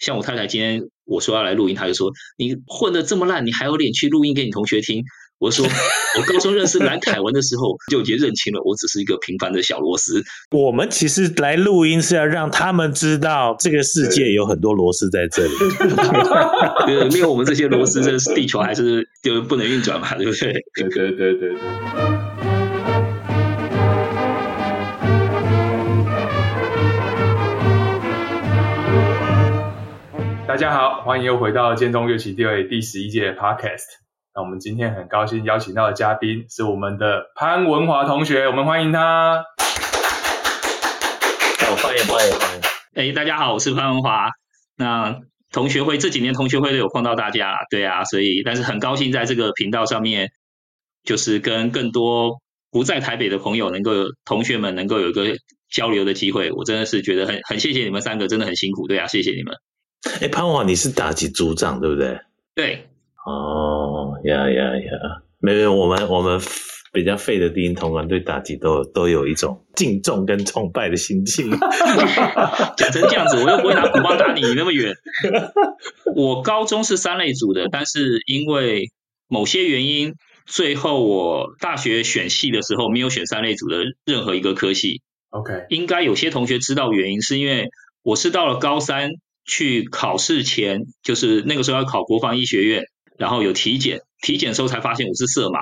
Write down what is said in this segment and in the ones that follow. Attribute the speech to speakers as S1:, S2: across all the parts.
S1: 像我太太今天我說要來錄音，她就說：“你混得這麼爛，你還有臉去錄音給你同學
S2: 聽？”我說：“我高中認識藍凱文的時候， 就已經認清了，我只是一個平凡的小螺絲。”我們其實來錄音是要讓他們知道，這個世界有很多螺絲在這
S1: 裡。沒有我們這些螺絲，這地球還是就不能運轉
S3: 嘛？對不對？對對對對對。 大家好，歡迎又回到《建中樂器》第二季第十一屆 Podcast。那我們今天很高興邀請到的嘉賓是我們的潘文華同學，我們歡迎他。歡迎歡迎歡迎。歡迎哎，大家好，我是潘文華。那
S1: 同學會這幾年同學會都有碰到大家，對啊，所以但是很高興在這個頻道上面，就是跟更多不在台北的朋友，能夠同學們能夠有一個交流的機會，我真的是覺得很很謝謝你們三個，真的很辛苦，對啊，謝謝你們。
S2: 哎、欸，潘華，你是打擊組長對不對？對，哦呀呀呀，沒有，我們我們比較廢的低音銅管對打擊都都有一種敬重跟崇拜的心情。 講成這樣子，我又不會拿鼓棒打你那麼遠。
S1: 我高中是三類組的，但是因為某些原因，最後我大學選系的時候沒有選三類組的任何一個科系。OK，應該有些同學知道原因，是因為我是到了高三。去考試前，就是那個時候要考國防醫學院，然後有體檢，體檢的時候才發現我是色盲，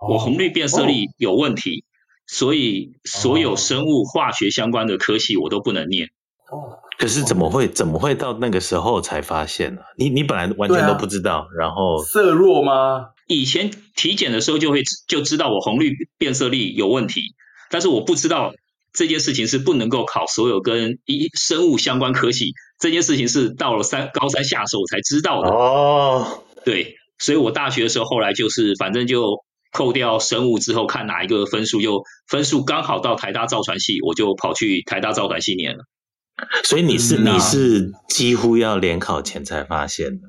S1: 哦、我紅綠變色力有問題，哦、所以所有
S2: 生物化學相關的科系我都不能念。哦，可是怎麼會怎麼會到那個時候才發現呢、啊？你你本來完全都不知道，啊、然後
S3: 色弱嗎？以前
S1: 體檢的時候就會就知道我紅綠變色力有問題，但是我不知道這件事情是不能夠考所有跟生物相關科系。這件事情是到了三，高三下時候我才知道的哦。Oh. 對，所以我大學的時候後來就是反正就扣掉生物之後，看哪一個分數又分數剛好到台大造船
S2: 系，我就跑去台大造船系念了。所以你是、嗯啊、你是幾乎要聯考前才發現的。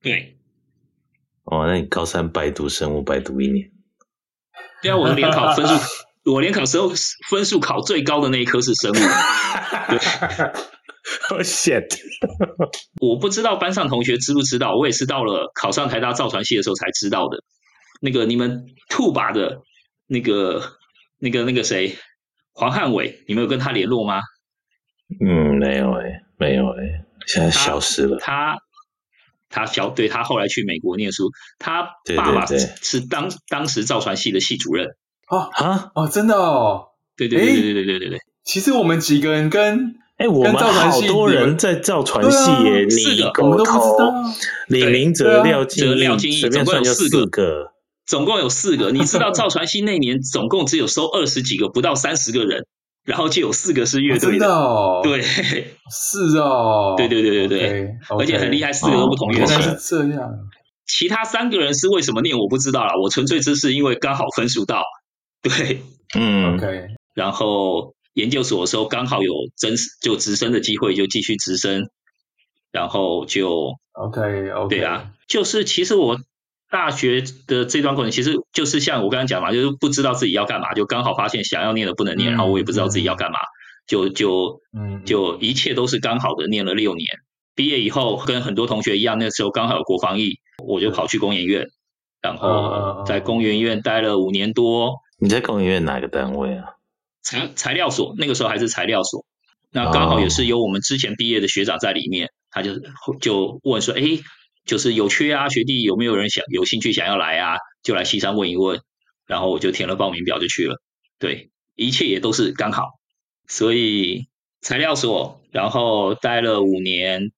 S2: 對。哦，那你高三白讀生物，白讀一年。對啊，我聯考分數， 我聯考時候
S1: 分數考最高的那一科是生物。 對。我 shit,、oh、 我不知道班上同學知不知道，我也是到了考上台大造船系的時候才知道的。那個你們兔爸的那個、那個、那個誰黃漢偉，你們有跟他聯絡嗎？嗯，沒有哎、欸，沒有哎、欸，現在消失了。他他,他小對他後來去美國念書，他爸爸是當當時造船系的系主任。
S3: 哦啊哦，真的哦，對,對對對對對對對對。其實我們幾個人跟。哎，我們好多人
S2: 在造船系耶，我們都不知道。李明哲、廖靜、廖靜怡，總共有四個，
S1: 總共有四個。你知道造船系那年總共只有收二十幾個，不到三十個人，然後就有四個是樂隊的，對，
S3: 是哦，對對對
S1: 對對，而且很厲害，四個都不同樂器。原來是
S3: 這樣，
S1: 其他三個人是為什麼念我不知道了，我純粹只是因為剛好分數到，對，嗯，OK，然後。研究所的時候剛好有直升就直升的機會就繼續直升，然後就 OK OK 對啊，就是其實我大學的這段過程其實就是像我剛剛講嘛，就是不知道自己要幹嘛，就剛好發現想要念的不能念，嗯、然後我也不知道自己要幹嘛，嗯、就就嗯就一切都是剛好的，念了六年，嗯、畢業以後跟很多同學一樣，那時候剛好有國防役，我就跑去工研院，然後在工研院待了五年多。哦哦哦，你在工研院哪個單位啊？材材料所那個時候還是材料所，
S2: 那剛好也是
S1: 有我們之前畢業的學長在裡面，oh. 他就就問說，誒，就是有缺啊，學弟有沒有人想有興趣想要來啊？就來西山問一問，然後我就填了報名表就去了，對，一切也都是剛好，所以材料所，然後待了五年，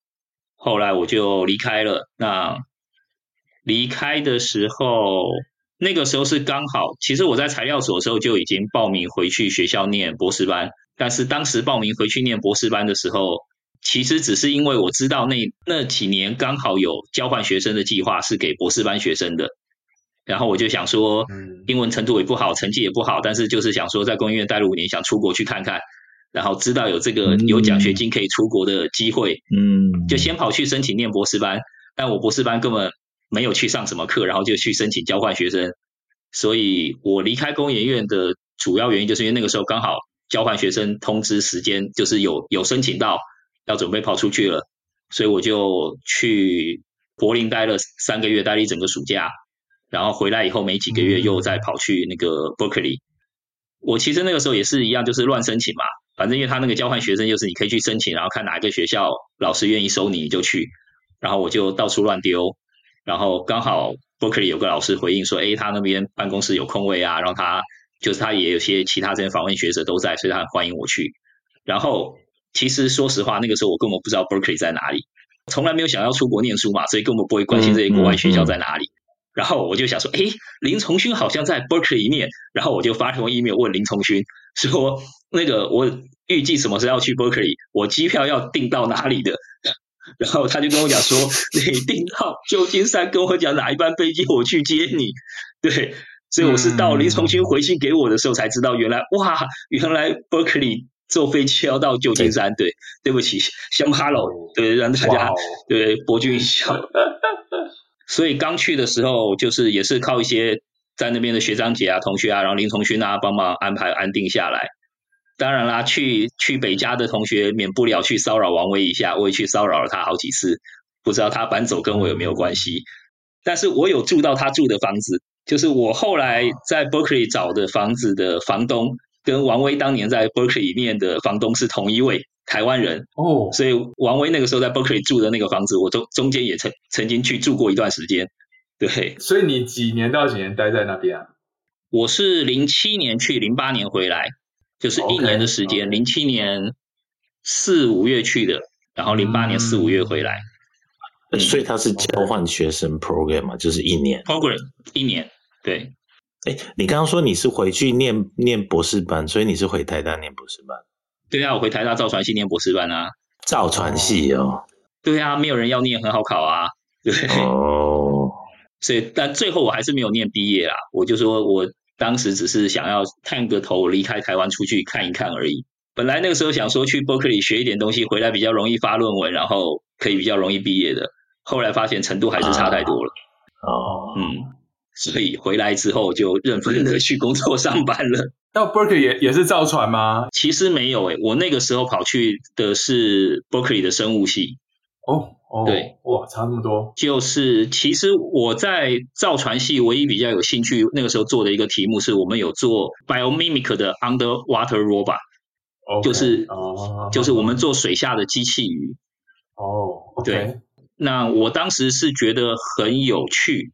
S1: 後來我就離開了，那離開的時候。那個時候是剛好，其實我在材料所的時候就已經報名回去學校念博士班，但是當時報名回去念博士班的時候，其實只是因為我知道那那幾年剛好有交換學生的計劃是給博士班學生的，然後我就想說，英文程度也不好，嗯，成績也不好，但是就是想說在工研院待了五年，想出國去看看，然後知道有這個有獎學金可以出國的機會，嗯，就先跑去申請念博士班，但我博士班根本。沒有去上什麼課，然後就去申請交換學生。所以我離開工研院的主要原因，就是因為那個時候剛好交換學生通知時間，就是有有申請到要準備跑出去了，所以我就去柏林待了三個月，待了一整個暑假。然後回來以後沒幾個月，又再跑去那個 Berkeley。嗯。我其實那個時候也是一樣，就是亂申請嘛。反正因為他那個交換學生就是你可以去申請，然後看哪一個學校老師願意收你，你就去。然後我就到處亂丟。然後剛好 Berkeley 有個老師回應說，哎，他那邊辦公室有空位啊，然後他，就是他也有些其他這些訪問學者都在，所以他很歡迎我去。然後其實說實話，那個時候我根本不知道 Berkeley 在哪裡，從來沒有想要出國念書嘛，所以根本不會關心這些國外學校在哪裡。嗯嗯嗯、然後我就想說，哎，林重勳好像在 Berkeley 念面，然後我就發什麼 email 問林重勳說，那個我預計什麼時候要去 Berkeley，我機票要訂到哪裡的？然後他就跟我講說， 你訂到舊金山，跟我講哪一班飛機，我去接你。對，所以我是到林崇勳回信給我的時候才知道，原來哇，原來 Berkeley 坐飛機要到舊金山。嗯、對，對不起，鄉巴佬。對，讓大家、哦、對博君一笑。所以剛去的時候，就是也是靠一些在那邊的學長姐啊、同學啊，然後林崇勳啊幫忙安排安定下來。當然啦，去去北加的同學免不了去騷擾王威一下，我也去騷擾了他好幾次，不知道他搬走跟我有沒有關係。但是我有住到他住的房子，就是我後來在 Berkeley 找的房子的房東，跟王威當年在 Berkeley 裡面的房東是同一位台灣人哦，oh. 所以王威那個時候在 Berkeley 住的那個房子，我中中間也曾曾經去住過一段時間。對，所以你幾年到幾年待在那邊啊？我是零七年去，零八年回來。就是一年的時間，零七 Okay, okay. 年四五月去的，嗯、然後零八年四五月
S2: 回來，所以他是交換學生 program 嘛、啊，嗯、就是一年 program 一年，對。哎、欸，你剛剛說你是回去念念博士班，所以你是回台大念博士班？
S1: 對啊，我回台大造船系念博士班啊，造船系哦。對啊，沒有人要念，很好考啊。對。哦。Oh. 所以，但最後我還是沒有念畢業啊，我就說我。當時只是想要探個頭，離開台灣出去看一看而已。本來那個時候想說去 Berkeley 學一點東西，回來比較容易發論文，然後可以比較容易畢業的。後來發現程度還是差太多了。哦，嗯，所以回來之後就認真的去工作上班了。那 Berkeley 也也是造船嗎？其實沒有誒、欸，我那個時候跑去的是 Berkeley 的生物系。
S3: 哦。對、哦，哇，差那麼多。
S1: 就是其實我在造船系唯一比較有興趣那個時候做的一個題目，是我們有做 biomimic 的 underwater robot、哦、就
S3: 是、哦、就是我們做
S1: 水下的機器魚。哦，對。哦 okay、那我當時是覺得很有趣，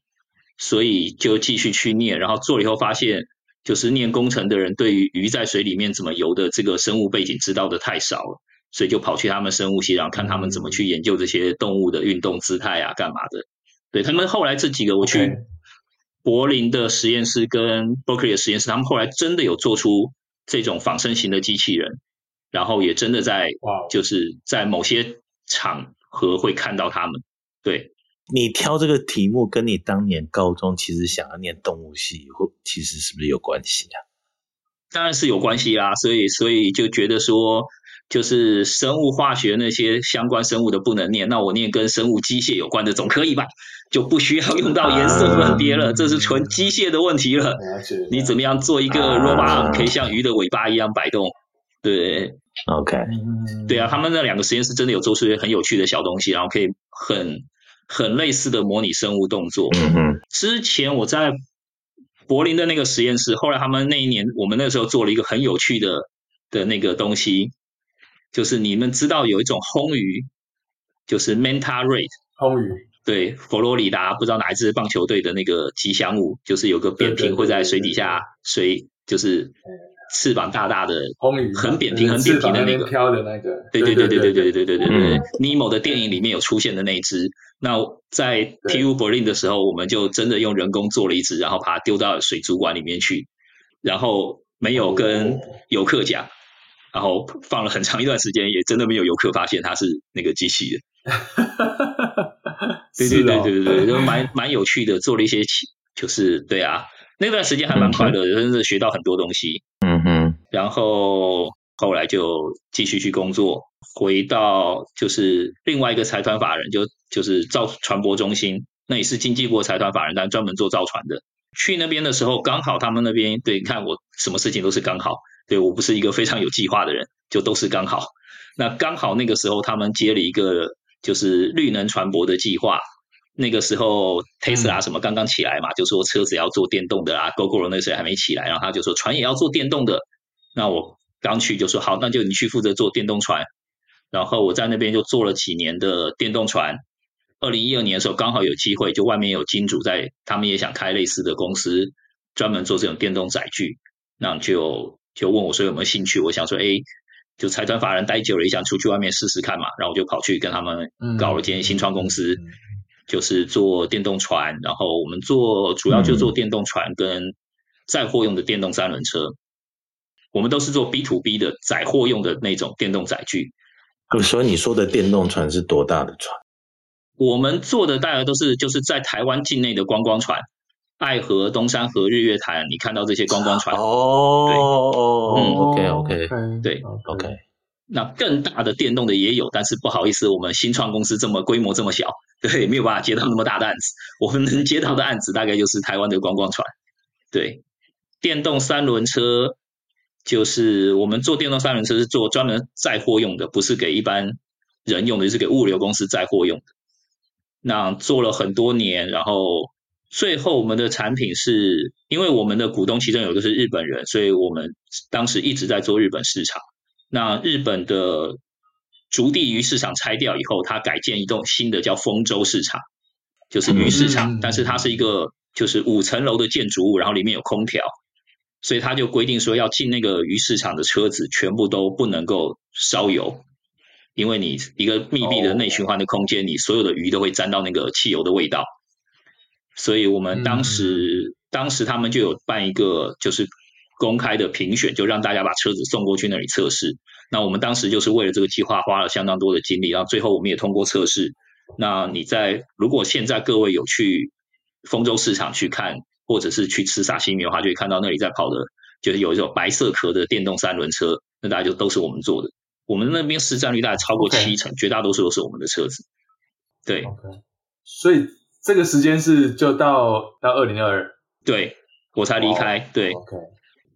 S1: 所以就繼續去念，然後做了以後發現，就是念工程的人對於魚在水裡面怎麼游的這個生物背景知道的太少了。所以就跑去他們生物系，然後看他們怎麼去研究這些動物的運動姿態啊，幹嘛的？對，他們後來這幾個，我去柏林的實驗室跟伯克利的實驗室，他們後來真的有做出這種仿生型的機器人，然後也真的在哇就是在某些場合
S2: 會看到他們。對。你挑這個題目，跟你當年高中其實想要念動物系，或其實是不是有關係啊？當然是有關係啦，啊，所
S1: 以所以就覺得說。就是生物化學那些相關生物的不能念，那我念跟生物機械有關的總可以吧？就不需要用到顏色分別了，啊、這是純機械的問題了。
S3: 啊、你怎
S1: 麼樣做一個 robo t、啊、可以像魚的尾巴一樣擺動？對，OK，對啊，他們那兩個實驗室真的有做出一些很有趣的小東西，然後可以很很類似的模擬生物動作。嗯嗯哼，之前我在柏林的那個實驗室，後來他們那一年，我們那時候做了一個很有趣的的那個東西。就是你們知道有一種魟魚，就是 Manta Ray 魟魚。對，佛羅里達不知道哪一支棒球隊的那個吉祥物，就是有個扁平會在水底下水，水就是翅膀大大的，嗯、很扁平，很扁平的那個那
S3: 飄的那個。對對對對對對
S1: 對對對，尼莫的電影裡面有出現的那隻。那在 TU Berlin 的時候，對我們就真的用人工做了一隻，然後把它丟到水族館裡面去，然後沒有跟遊客講。然後放了很長一段時間，也真的沒有遊客發現他是那個機器的。哈哈哈哈哈！對對對對對，就蠻蠻有趣的，做了一些，就是對啊，那段時間還蠻快樂的，真的、嗯、哼學到很多東西。嗯
S2: 哼。
S1: 然後後來就繼續去工作，回到就是另外一個財團法人，就就是造船舶中心，那也是經濟部財團法人，但專門做造船的。去那邊的時候，剛好他們那邊，對，你看我什麼事情都是剛好。對，我不是一個非常有計劃的人，就都是剛好。那剛好那個時候他們接了一個就是綠能船舶的計劃，那個時候 Tesla 什麼剛剛起來嘛，嗯、就說車子要做電動的啊 Gogoro 那時候還沒起來，然後他就說船也要做電動的。那我剛去就說好，那就你去負責做電動船。然後我在那邊就做了幾年的電動船。二零一二年的時候剛好有機會，就外面有金主在，他們也想開類似的公司，專門做這種電動載具，那就。就問我說有沒有興趣，我想說，哎，就財團法人待久了，也想出去外面試試看嘛。然後我就跑去跟他們搞了間新創公司，嗯、就是做電動船。嗯、然後我們做主要就做電動船跟載貨用的電動三輪車。嗯、我們都是做 B to
S2: B 的載貨用的那種電動載具。所以你說的電動船是多大的船？
S1: 我們做的大概都是就是在台灣境內的觀光船。愛河、東山河、日月潭，你看到這些觀光船哦？Oh, 對，oh, okay, 嗯，OK，OK，okay, okay, 對，OK。那更大的電動的也有，但是不好意思，我們新創公司這麼規模這麼小，對，沒有辦法接到那麼大的案子。我們能接到的案子大概就是台灣的觀光船，對，電動三輪車，就是我們做電動三輪車是做專門載貨用的，不是給一般人用的，就是給物流公司載貨用的。那做了很多年，然後。最後，我們的產品是因為我們的股東其中有的是日本人，所以我們當時一直在做日本市場。那日本的築地魚市場拆掉以後，它改建一棟新的叫豐洲市場，就是魚市場。嗯、但是它是一個就是五層樓的建築物，然後裡面有空調，所以它就規定說要進那個魚市場的車子全部都不能夠燒油，因為你一個密閉的內循環的空間，哦、你所有的魚都會沾到那個汽油的味道。所以我們當時，嗯、當時他們就有辦一個就是公開的評選，就讓大家把車子送過去那裡測試。那我們當時就是為了這個計劃花了相當多的精力，然後最後我們也通過測試。那你在如果現在各位有去豐州市場去看，或者是去吃撒西米的話，就會看到那裡在跑的，就是有一種白色殼的電動三輪車。那大家就都是我們做的，我們那邊市占率大概超過七成，Okay. 絕大多數都是我們的車子。對，okay.
S3: 所以。這個時間是就到到二零二二，
S1: 對，我才離開，oh, 對，okay.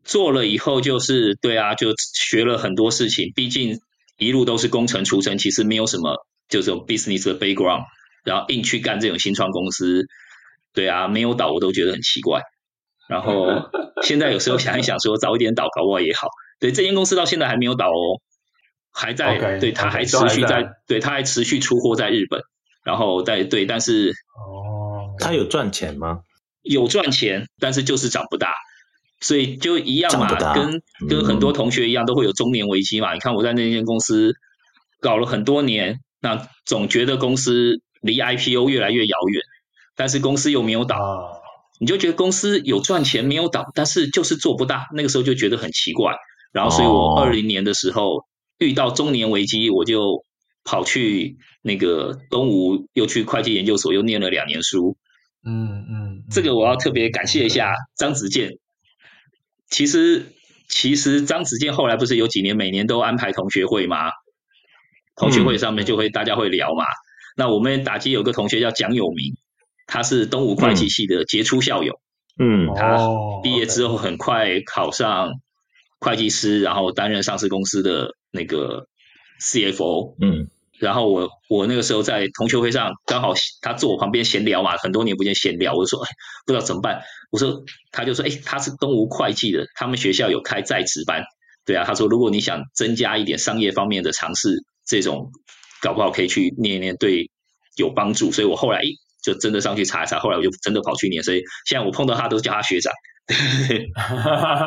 S1: 做了以後就是對啊，就學了很多事情，畢竟一路都是工程出身，其實沒有什麼這種、就是、business 的 background，然後硬去幹這種新創公司，對啊，沒有倒我都覺得很奇怪。然後 現在有時候想一想說，說早一點倒搞不好也好，對，這間公司到現在還沒有倒哦，還在，okay, 對，它還持續在，okay, okay, 都還在，對，它還持續出貨在日本。然後但對，但是哦，他有賺錢嗎？有賺錢，但是就是長不大，所以就一樣嘛，跟、嗯、跟很多同學一樣，都會有中年危機嘛。你看我在那間公司搞了很多年，那總覺得公司離 IPO 越來越遙遠，但是公司又沒有倒，哦、你就覺得公司有賺錢沒有倒，但是就是做不大。那個時候就覺得很奇怪，然後所以我二零年的時候、哦、遇到中年危機，我就。跑去那個東吳，又去會計研究所，又念了兩年書。嗯嗯，嗯嗯，這個我要特別感謝一下張子健。Okay. 其實，其實張子健後來不是有幾年每年都安排同學會嗎？同學會上面就會、嗯、大家會聊嘛。那我們打擊有個同學叫蔣友明，他是東吳會計系的傑出校友。
S2: 嗯，他
S1: 畢業之後很快考上會計師，嗯、然後擔任上市公司的那個。CFO，嗯，然後我我那個時候在同學會上，剛好他坐我旁邊閒聊嘛，很多年不見閒聊，我就說不知道怎麼辦，我說他就說，哎、欸，他是東吳會計的，他們學校有開在職班，對啊，他說如果你想增加一點商業方面的嘗試，這種搞不好可以去念一念，對，有幫助，所以我後來就真的上去查一查，後來我就真的跑去念，所以現在我碰到他
S2: 都是叫他學長。對對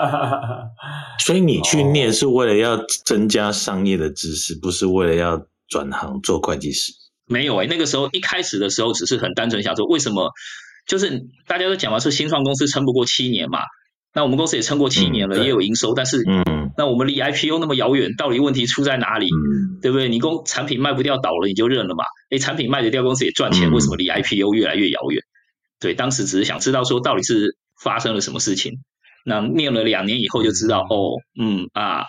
S2: 所以你去念是為了要增加商業的知識，哦、不是為了要轉行做會計師。沒有
S1: 哎、欸，那個時候一開始的時候，只是很單純想說，為什麼就是大家都講了說新創公司撐不過七年嘛。那我們公司也撐過七年了，嗯、也有營收，對但是嗯，那我們離 IPO 那麼遙遠，到底問題出在哪裡？嗯、對不對？你工產品賣不掉倒了你就認了嘛？哎，產品賣得掉，公司也賺錢，為什麼離 IPO 越來越遙遠？嗯、對，當時只是想知道說到底是。發生了什麼事情？那念了兩年以後就知道哦，嗯啊，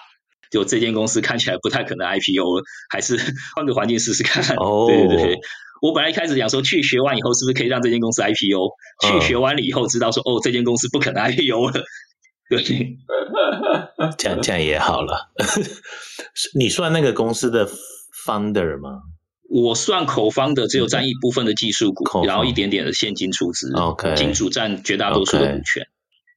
S1: 就這間公司看起來不太可能 IPO 了，還是換個環境試試看。哦，對對對，我本來一開始講說去學完以後是不是可以讓這間公司 IPO？去學完了以後知道說、嗯、哦，這
S2: 間公司不可能 IPO 了，對，這樣 這樣也好了。 你算那個公司的 founder 嗎？我算口方
S1: 的，只有佔一部分的技術股，嗯、然後一點點的現金出資。O Okay , K.，金主佔絕大多數的
S2: 股權。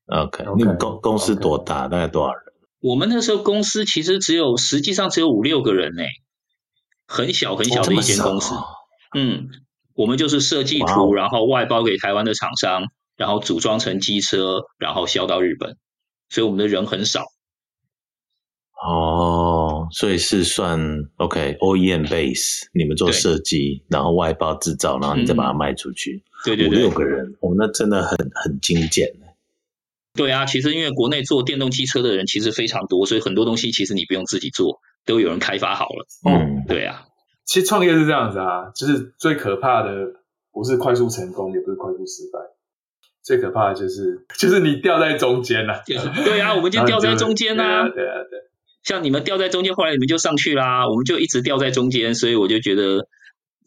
S2: OK，公公司多大？Okay, 大概多少人？我
S1: 們那時候公司其實只有，實際上只有五六個人呢、欸，
S2: 很小很小的一間公司。哦哦、
S3: 嗯，
S1: 我們就是設計圖，Wow 然後外包給台灣的廠商，然後組裝成機車，然後銷到日本。所以我們的人很少。
S2: 哦。Oh. 所以是算 OK OEM base，你們做設計，對然後外包制造，然後你再把它賣出去，五六、嗯、對對對個人，我、哦、們那真的很很精簡。
S1: 對啊，其實因為國內做電動汽車的人其實非常多，所以很多東西其實你不用自己做，都有人開發好了。嗯，對啊，
S3: 其實創業是這樣子啊，就是最可怕的不是快速成功，也不是快速失敗，最可怕的就是就是你掉在中間啊、就是，對啊，我們就掉在中間啊， 對啊，對啊，對。像你
S1: 們掉在中間，後來你們就上去啦，我們就一直掉在中間，所以我就覺得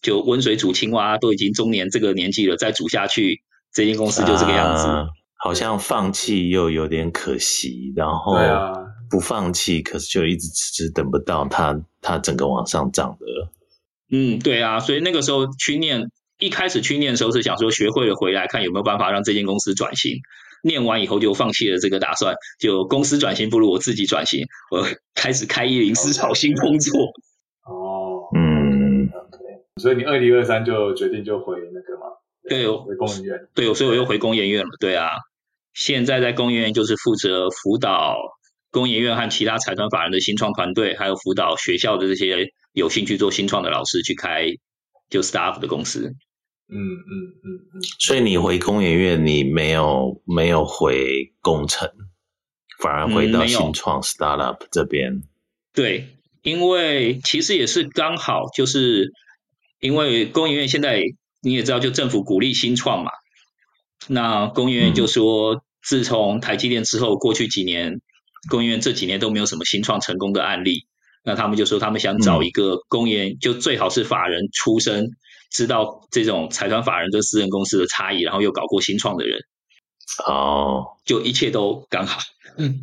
S1: 就溫水煮青蛙，都已經中年這個年紀了，再煮下去，這間公司就這個樣子。啊、
S2: 好像放棄又有點可惜，對然後不放棄，可是就一直遲遲等不到它，它整個往上漲的。嗯，
S1: 對啊，所以那個時候去念，一開始去念的時候是想說學會了回來，看有沒有辦法讓這間公司轉型。念完以後就放棄了這個打算，就公司轉型不如我自己轉型，我開始
S3: 開一零四，找新工作。哦，嗯，OK，所以你二零二三就決定就回那個嗎？對，對回工研院對。
S1: 對，所以我又回工研院了。對,對,對啊，現在在工研院就是負責輔導工研院和其他財團法人的新創團隊，還有輔導學校的這些有興趣做新創的老師去開就 startup
S2: 的公司。嗯嗯嗯，所以你回工研院，嗯、你沒有沒有回工程，反而回到新創 startup 這邊。
S1: 對，因為其實也是剛好，就是因為工研院現在你也知道，就政府鼓勵新創嘛。那工研院就說，自從台積電之後，嗯、過去幾年工研院這幾年都沒有什麼新創成功的案例。那他們就說，他們想找一個工研，嗯、就最好是法人出身。知道這種財團法人跟私人公司的差異，然後又搞過新創的人，哦，就一切都剛好， 嗯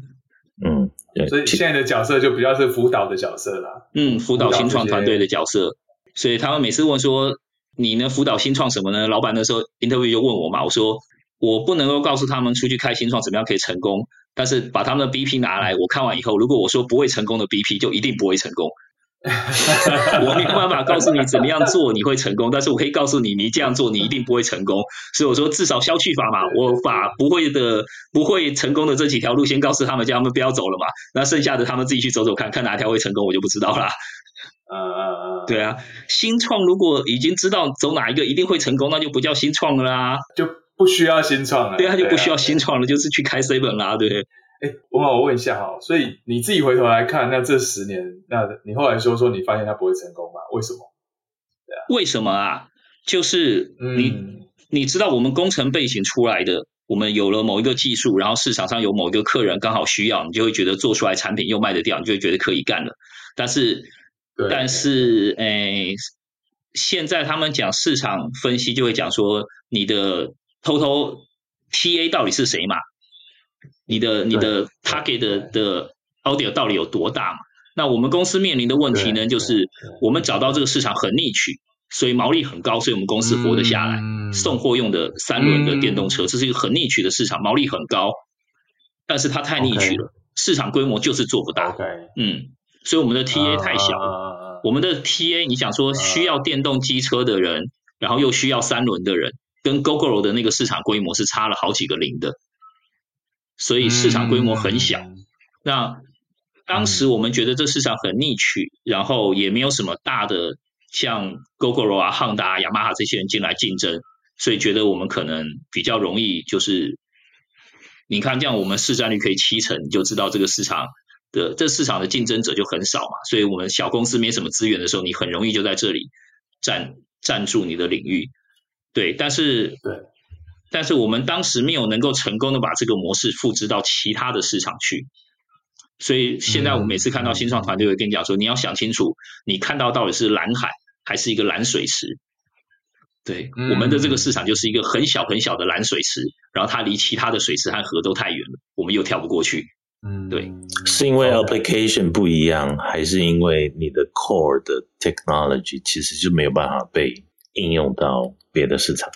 S1: 嗯
S2: 對
S3: 所以現在的角色就比較是輔導的角色
S1: 啦，嗯，輔導新創團隊的角色，所以他們每次問說你呢輔導新創什麼呢？老闆那時候 interview 就問我嘛，我說我不能夠告訴他們出去開新創怎麼樣可以成功，但是把他們的 BP 拿來，我看完以後，如果我說不會成功的 BP 就一定不會成功。嗯 我沒有辦法告訴你怎麼樣做你會成功，但是我可以告訴你，你這樣做你一定不會成功。所以我說，至少消去法嘛，我把不會的、不會成功的這幾條路先告訴他們，叫他們不要走了嘛。那剩下的他們自己去走走看看，看哪條會成功，我就不知道
S2: 了。呃、uh，對
S1: 啊，新創如果已經知道走哪一個一定會成功，那就不叫新創了啦，就不需要新創了。對啊，他就不需
S3: 要新創了，啊、就是去開 C 本啦，不對？哎，我問，我問一下哈，嗯、所以你自己回頭來看，那這十年，那你後來說說，你發現它不會成功吧，為什麼？對啊、為什
S1: 麼啊？就是你，嗯、你知道我們工程背景出來的，我們有了某一個技術，然後市場上有某一個客人剛好需要，你就會覺得做出來產品又賣得掉，你就會覺得可以幹了。但是，對但是，哎，現在他們講市場分析，就會講說你的偷偷 TA 到底是誰嘛？你的你的 target 的 audio 到底有多大嘛？那我們公司面臨的問題呢，就是我們找到這個市場很 niche，所以毛利很高，所以我們公司活得下來。嗯、送貨用的三輪的電動車，嗯、這是一個很 niche 的市場，毛利很高，但是它太 niche 了，okay, 市場規模就是做不大。Okay, 嗯，所以我們的 TA 太小了。Uh, 我們的 TA 你想說需要電動機車的人，uh, 然後又需要三輪的人，跟 Gogoro 的那個市場規模是差了好幾個零的。所以市場規模很小，嗯、那當時我們覺得這市場很逆取，嗯、然後也沒有什麼大的像 Gogoro 啊、Honda 啊、雅馬哈這些人進來競爭，所以覺得我們可能比較容易。就是你看，這樣我們市佔率可以七成，你就知道這個市場的這市場的競爭者就很少嘛。所以我們小公司沒什麼資源的時候，你很容易就在這裡占佔住你的領域。對，但是對。但是我們當時沒有能夠成功的把這個模式複製到其他的市場去，所以現在我們每次看到新創團隊，會跟你講說，你要想清楚，你看到到底是藍海還是一個藍水池。對，嗯，我們的這個市場就是一個很小很小的藍水池，然後它離其他的水池和河都太遠了，我們又跳不過去。嗯，
S2: 對，是因為 application 不一樣，還是因為你的 core 的 technology 其實就沒有辦法被應用到別的市場？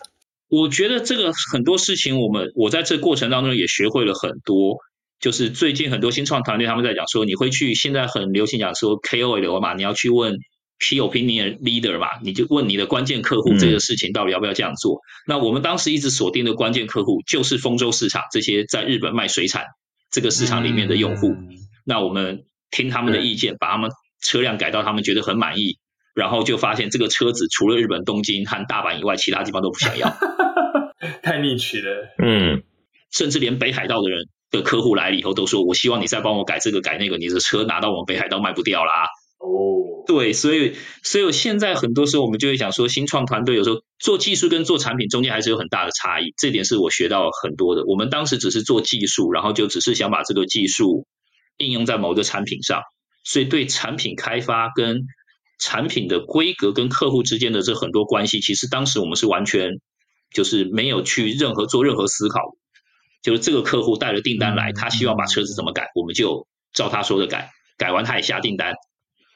S1: 我覺得這個很多事情，我們我在這過程當中也學會了很多。就是最近很多新創團隊他們在講說，你會去現在很流行講說 KOL 嘛，你要去問 opinion leader 嘛，你就問你的關鍵客戶這個事情到底要不要這樣做。嗯、那我們當時一直鎖定的關鍵客戶就是豐洲市場這些在日本賣水產這個市場裡面的用戶。嗯、那我們聽他們的意見，把他們車輛改到他們覺得很滿意。然後就發現這個車子除了日本東京和大阪以外，其他地方都不想要。
S3: 太逆取趣了！嗯，
S1: 甚至連北海道的人的客戶來了以後，都說：“我希望你再幫我改這個改那個，你的車拿到我們北海道賣不掉啦。”哦，對，所以，所以現在很多時候我們就會想說，新創團隊有時候做技術跟做產品中間還是有很大的差異，這點是我學到很多的。我們當時只是做技術，然後就只是想把這個技術應用在某一個產品上，所以對產品開發跟。產品的規格跟客戶之間的這很多關係，其實當時我們是完全就是沒有去任何做任何思考，就是這個客戶帶着訂單來，他希望把車子怎麼改，我們就照他說的改，改完他也下訂單。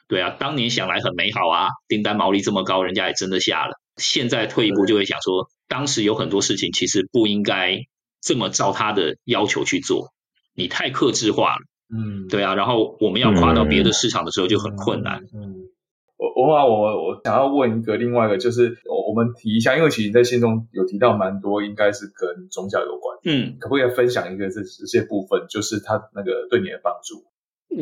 S1: 對啊，當年想來很美好啊，訂單毛利這麼高，人家也真的下了。現在退一步就會想說，當時有很多事情其實不應該這麼照他的要求去做，你太客製化了。嗯，對啊，然後我們要跨到別的市場的時候就很困難。嗯。嗯嗯
S3: 我我我我想要問一個另外一個就是我我們提一下，因為其實你在信中有提到蠻多，應該是跟宗教有關。嗯，可不可以分享一個這這些部分，就是他那個對你的幫助？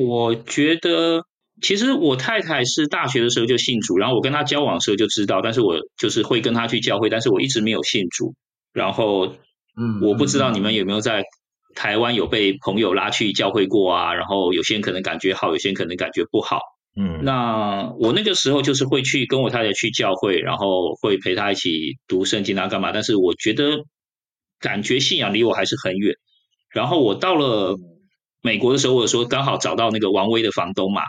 S1: 我覺得其實我太太是大學的時候就信主，然後我跟她交往的時候就知道，但是我就是會跟她去教會，但是我一直沒有信主。然後，嗯，我不知道你們有沒有在台灣有被朋友拉去教會過啊？然後有些人可能感覺好，有些人可能感覺不好。嗯，那我那個時候就是會去跟我太太去教會，然後會陪她一起讀聖經，啊幹嘛？但是我覺得感覺信仰離我還是很遠。然後我到了美國的時候，我有說剛好找到那個王威的房東嘛，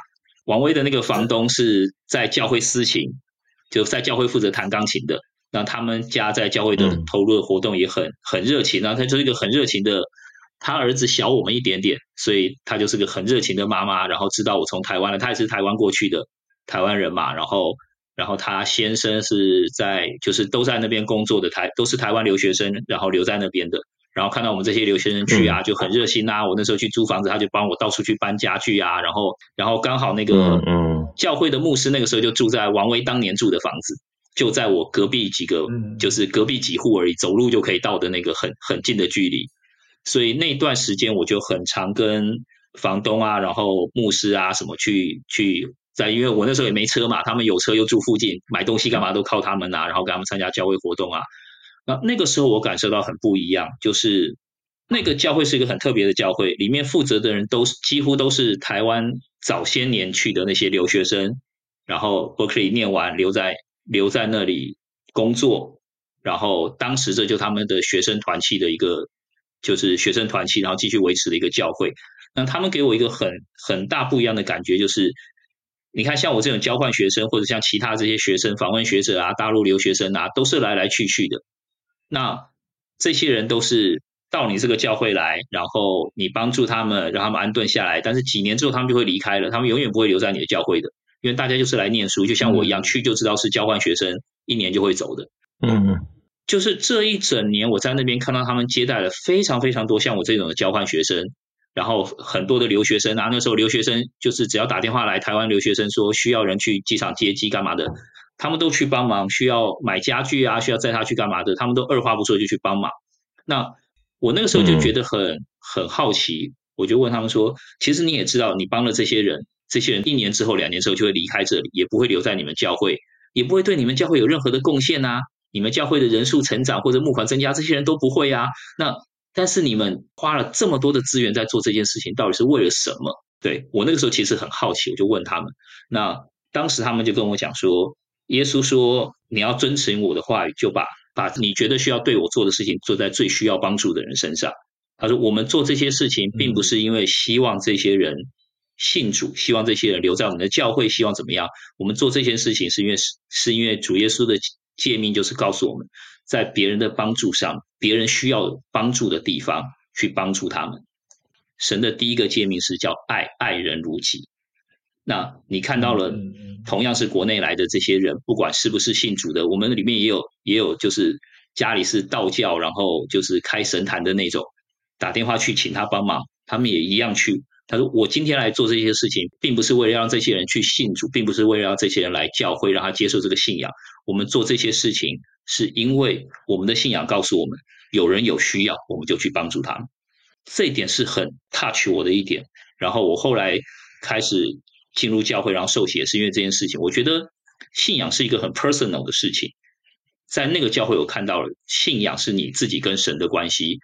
S1: 王威的那個房東是在教會司琴，就在教會負責彈鋼琴的。那他們家在教會的投入活動也很很熱情，然後他就是一個很熱情的。他兒子小我們一點點，所以他就是個很熱情的媽媽。然後知道我從台灣了，他也是台灣過去的台灣人嘛。然後，然後他先生是在就是都在那邊工作的台都是台灣留學生，然後留在那邊的。然後看到我們這些留學生去啊，就很熱心啊。我那時候去租房子，他就幫我到處去搬家具啊。然後，然後剛好那個嗯教會的牧師那個時候就住在王威當年住的房子，就在我隔壁幾個，就是隔壁幾戶而已，走路就可以到的那個很很近的距離。所以那段時間我就很常跟房東啊，然後牧師啊什麼去去在，因為我那時候也沒車嘛，他們有車又住附近，買東西幹嘛都靠他們吶、啊，然後跟他們參加教會活動啊。那那個時候我感受到很不一樣，就是那個教會是一個很特別的教會，裡面負責的人都是幾乎都是台灣早些年去的那些留學生，然後伯克利念完留在留在那裡工作，然後當時這就他們的學生團契的一個。就是學生團契，然後繼續維持的一個教會。那他們給我一個很很大不一樣的感覺，就是你看，像我這種交換學生，或者像其他這些學生、訪問學者啊，大陸留學生啊，都是來來去去的。那這些人都是到你這個教會來，然後你幫助他們，讓他們安頓下來。但是幾年之後，他們就會離開了，他們永遠不會留在你的教會的，因為大家就是來念書，就像我一樣，去、嗯、就知道是交換學生，一年就會走的。嗯嗯。就是這一整年，我在那邊看到他們接待了非常非常多像我這種的交換學生，然後很多的留學生。然後那時候留學生就是只要打電話來台灣，留學生說需要人去機場接機幹嘛的，他們都去幫忙。需要買家具啊，需要載他去幹嘛的，他們都二話不說就去幫忙。那我那個時候就覺得很很好奇，我就問他們說：“其實你也知道，你幫了這些人，這些人一年之後、兩年之後就會離開這裡，也不會留在你們教會，也不會對你們教會有任何的貢獻啊。”你們教會的人數成長或者募款增加，這些人都不會啊。那但是你們花了這麼多的資源在做這件事情，到底是為了什麼？對，我那個時候其實很好奇，我就問他們。那當時他們就跟我講說：“耶穌說，你要遵循我的話語，就把把你覺得需要對我做的事情，做在最需要幫助的人身上。”他說：“我們做這些事情，並不是因為希望這些人信主，希望這些人留在我們的教會，希望怎麼樣？我們做這些事情是因為是是因為主耶穌的。”誡命就是告訴我們，在別人的幫助上，別人需要幫助的地方去幫助他們。神的第一個誡命是叫愛，愛人如己。那你看到了，嗯，同樣是國內來的這些人，不管是不是信主的，我們裡面也有也有，就是家裡是道教，然後就是開神壇的那種，打電話去請他幫忙，他們也一樣去。他說：“我今天來做這些事情，並不是為了讓這些人去信主，並不是為了讓這些人來教會，讓他接受這個信仰。我們做這些事情，是因為我們的信仰告訴我們，有人有需要，我們就去幫助他們。這一點是很 touch 我的一點。然後我後來開始進入教會，然後受洗，是因為這件事情。我覺得信仰是一個很 personal 的事情。在那個教會，我看到了信仰是你自己跟神的關係。”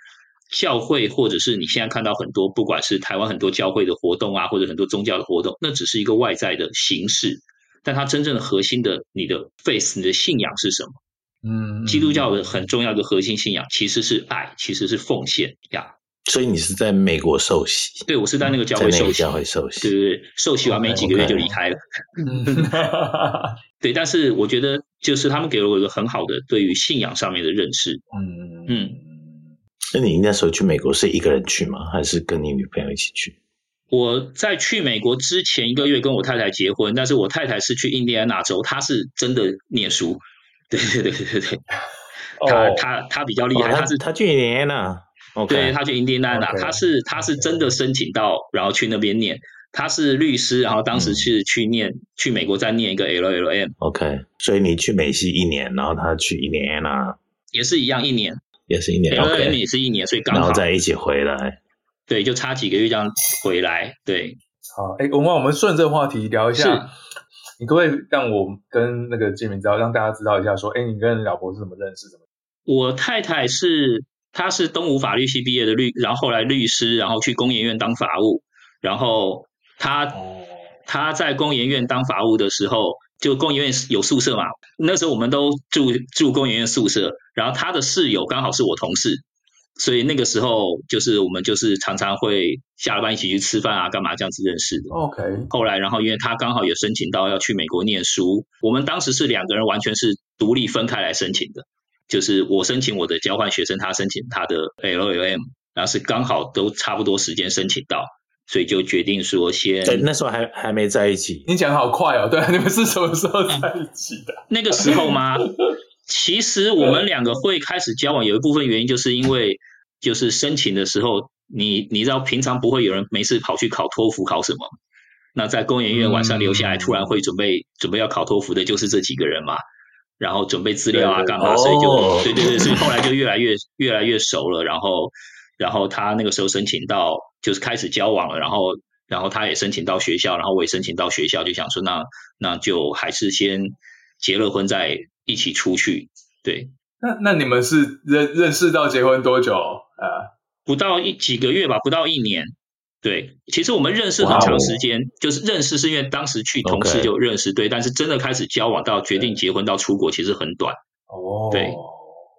S1: 教會，或者是你現在看到很多，不管是台灣很多教會的活動啊，或者很多宗教的活動，那只是一個外在的形式，但它真正的核心的，你的 f a c e 你的信仰是什麼？嗯，基督教的很重要的核心信仰其實是愛，其實是奉獻這樣。所以你是在美國受洗？對，我是在那個教會受洗。美國、嗯、
S2: 教會受洗。對對，
S1: 受洗完沒幾個月就離開了。嗯哈哈哈哈。對，但是我覺得，就是他們給了我一個很好的對於信仰上面的認識。
S2: 嗯嗯。嗯那你那時候去美國是一個人去嗎？還是跟你女朋友一起去？
S1: 我在去美國之前一個月跟我太太結婚，但是我太太是去印第安納州，她是真的念書。對對對對對
S3: 對，
S1: 她她她比較厲害，她是她去印第安納。對，她去印第安納，她是她是真的申請到，然後去那邊念。她是律師，然後當時是
S2: 去念、嗯、去美國再念一個 LLM。OK，所以你去美西一年，然後她去印第安納，也是一樣一年。也是一年，LAM 也是一年，所以剛好在一起回
S1: 來，對，就差幾個月這樣回來，對，
S3: 好，哎，我們我們順着話題聊一下，是你可不可以讓我跟那個金明知道，讓大家知道一下，說，哎，你跟你老
S2: 婆是怎麼認識？怎麼？
S1: 我太太是，她是東吳法律系畢業的律，然後後來律師，然後去工研院當法務，然後她，嗯、她在工研院當法務的時候。就工研院有宿舍嘛，那時候我們都住住工研院宿舍，然後他的室友剛好是我同事，所以那個時候就是我們就是常常會下了班一起去吃飯啊，幹嘛這樣子認識的。OK。後來然後因為他剛好也申請到要去美國念書，我們當時是兩個人完全是獨立分開來申請的，就是我申請我的交換學生，他申請他的 LLM，然後是剛好都差不多時間申請到。所以就決定說先，對，那時候
S2: 還還沒在一起。
S3: 你講的好快哦？對，你們是什麼時候在一起的？那個時候嗎？
S1: 其實我們兩個會開始交往，有一部分原因就是因為，就是申請的時候，你你知道，平常不會有人沒事跑去考托福考什麼，那在工研院晚上留下來，突然會準備準備要考托福的，就是這幾個人嘛。然後準備資料啊幹嘛，所以就對對對，所以後來就越來越越來越熟了。然後然後他那個時候申請到。就是開始交往了，然後，然後他也申請到學校，然後我也申請到學校，就想說那，那那就還是先結了婚再一起出去。對。
S3: 那那你們是認認識到結婚多久啊？不到一幾
S1: 個月吧，不到一年。對，其實我們認識很長時間，Wow. 就是認識是因為當時去同事就認識，Okay. 對。但是真的開始交往到決定結婚到出國，其實很短。
S3: 哦。Oh. 對。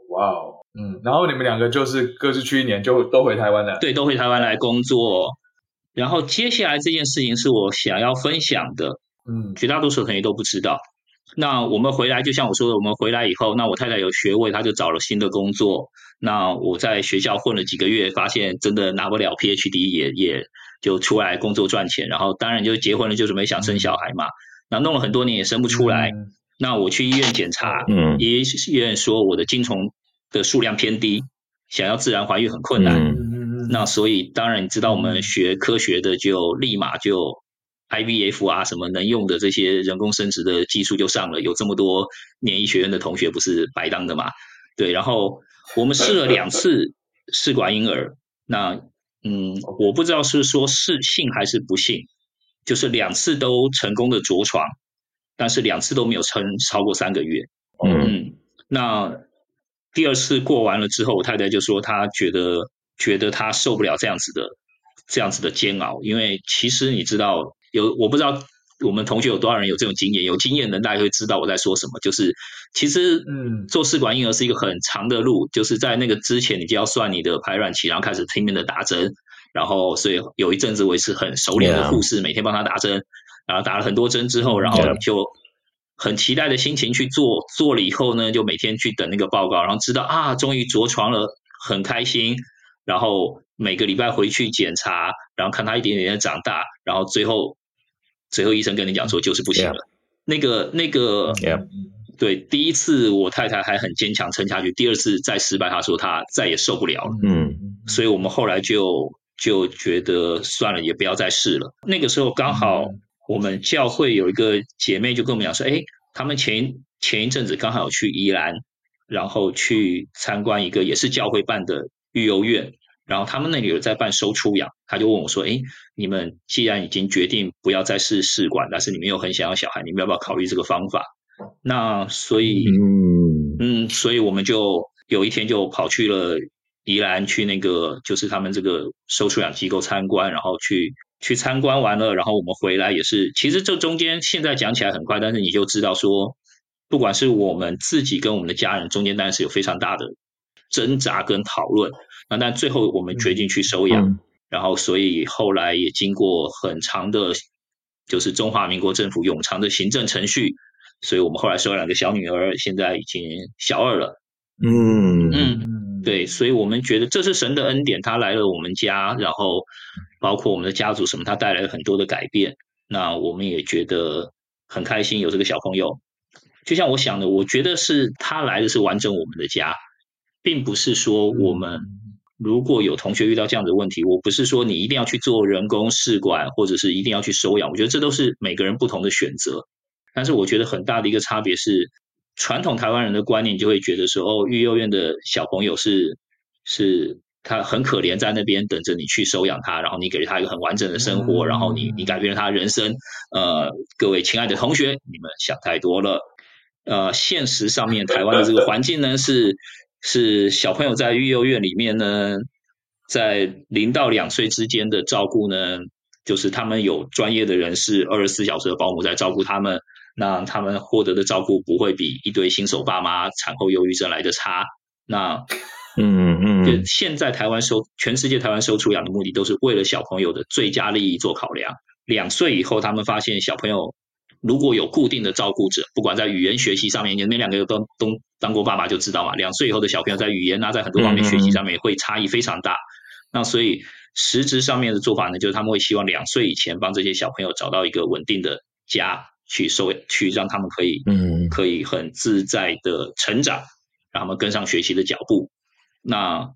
S3: 哇哦。嗯，然後你們兩個就是各自去一年，就都回台灣了。對，
S1: 都回台灣來工作。然後接下來這件事情是我想要分享的。嗯，絕大多數朋友都不知道。那我們回來，就像我說的，我們回來以後，那我太太有學位，她就找了新的工作。那我在學校混了幾個月，發現真的拿不了 PhD，也也就出來工作賺錢。然後當然就結婚了，就準備想生小孩嘛。那弄了很多年也生不出來。嗯，那我去醫院檢查，嗯，醫院說我的精蟲。的數量偏低，想要自然懷孕很困難。嗯、那所以當然，你知道我們學科學的就立馬就 I V F 啊，什麼能用的這些人工生殖的技術就上了。有這麼多年醫學院的同學不是白當的嘛？對。然後我們試了兩次試管嬰兒，嗯那嗯，我不知道是說是幸還是不幸，就是兩次都成功的着床，但是兩次都沒有撐超過三個月。嗯，嗯，那。第二次過完了之後，我太太就說她覺得覺得她受不了這樣子的這樣子的煎熬，因為其實你知道有我不知道我們同學有多少人有這種經驗，有經驗的人大概會知道我在說什麼，就是其實嗯,嗯做試管嬰兒是一個很長的路，就是在那個之前你就要算你的排卵期，然後開始拼命的打針，然後所以有一陣子我也是很熟練的護士，Yeah. 每天幫她打針，然後打了很多針之後，然後就。Yeah. 很期待的心情去做，做了以後呢，就每天去等那個報告，然後知道啊，終於着床了，很開心。然後每個禮拜回去檢查，然後看他一點點的長大，然後最後，最後醫生跟你講說就是不行了。那個 Yeah. 那個，那個、Yeah. 對，第一次我太太還很堅強撐下去，第二次再失敗，她說她再也受不了了。嗯，mm. 所以我們後來就就覺得算了，也不要再試了。那個時候剛好。Mm. 我們教會有一個姐妹就跟我們講說，誒、欸、他們前前一陣子剛好去宜蘭，然後去參觀一個也是教會辦的育幼院，然後他們那裡有在辦收出養，他就問我說，誒、欸、你們既然已經決定不要再試試管，但是你們又很想要小孩，你們要不要考慮這個方法？那所以，嗯嗯，所以我們就有一天就跑去了宜蘭去那個就是他們這個收出養機構參觀，然後去。去參觀完了，然後我們回來也是，其實這中間現在講起來很快，但是你就知道說，不管是我們自己跟我們的家人中間，當然是有非常大的掙扎跟討論。那但最後我們決定去收養，嗯、然後所以後來也經過很長的，就是中華民國政府冗長的行政程序，所以我們後來收養了一個小女兒，現在已經小二了。嗯。嗯對，所以我們覺得這是神的恩典，他來了我們家，然後包括我們的家族什麼，他帶來了很多的改變。那我們也覺得很開心有這個小朋友。就像我想的，我覺得是他來的是完整我們的家，並不是說我們，如果有同學遇到這樣的問題，我不是說你一定要去做人工試管，或者是一定要去收養。我覺得這都是每個人不同的選擇。但是我覺得很大的一個差別是。傳統台灣人的觀念就會覺得說，哦，育幼院的小朋友是是他很可憐，在那邊等着你去收養他，然後你給了他一個很完整的生活，嗯嗯，然後你你改變了他的人生。呃，各位親愛的同學，你們想太多了。呃，現實上面台灣的這個環境呢，是是小朋友在育幼院裡面呢，在零到兩歲之間的照顧呢，就是他們有專業的人士二十四小時的保姆在照顧他們。那他們獲得的照顧不會比一堆新手爸媽產後憂鬱症來的差。那，嗯嗯，嗯就現在台灣收全世界台灣收出養的目的都是為了小朋友的最佳利益做考量。兩歲以後，他們發現小朋友如果有固定的照顧者，不管在語言學習上面，你們兩個都都當過爸爸就知道嘛。兩歲以後的小朋友在語言啊，在很多方面學習上面會差異非常大。嗯嗯，那所以實質上面的做法呢，就是他們會希望兩歲以前幫這些小朋友找到一個穩定的家。去收去讓他們可以，嗯，可以很自在的成長，讓他們跟上學習的腳步。那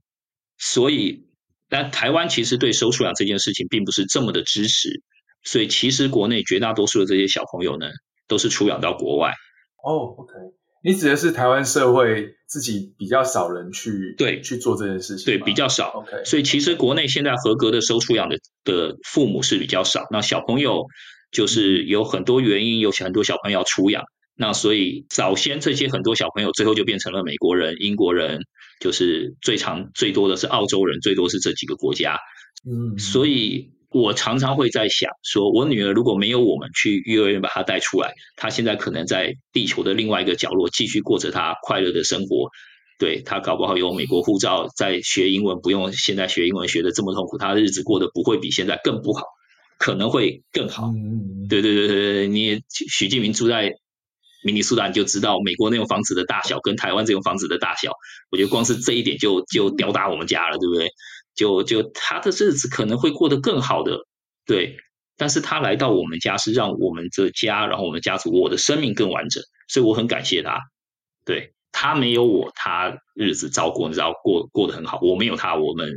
S1: 所以，但台灣其實對收出養這件事情並不是這麼的支持，所以其實國內絕大多數的這些小朋友呢，都是出養到國外。
S3: 哦，OK，你指的是台灣社會自己比較少人去對去做這件事情？對，比較少，OK。所以其實國內現在
S1: 合格的收出養的的父母是比較少，那小朋友。就是有很多原因，有很多小朋友要出養，那所以早先這些很多小朋友最後就變成了美國人、英國人，就是最長最多的是澳洲人，最多是這幾個國家。嗯，所以我常常會在想說，說我女兒如果沒有我們去幼兒園把她帶出來，她現在可能在地球的另外一個角落繼續過着她快樂的生活。對，她搞不好有美國護照，在學英文，不用現在學英文學的這麼痛苦，她的日子過得不會比現在更不好。可能會更好，對、嗯嗯嗯、對對對對，你許進明住在明尼蘇達就知道美國那種房子的大小跟台灣這種房子的大小，我覺得光是這一點就就吊打我們家了，對不對？就就他的日子可能會過得更好的，對，但是他來到我們家是讓我們的家，然後我們家族我的生命更完整，所以我很感謝他，對，他沒有我，他日子照過，你知道過過得很好，我沒有他，我們。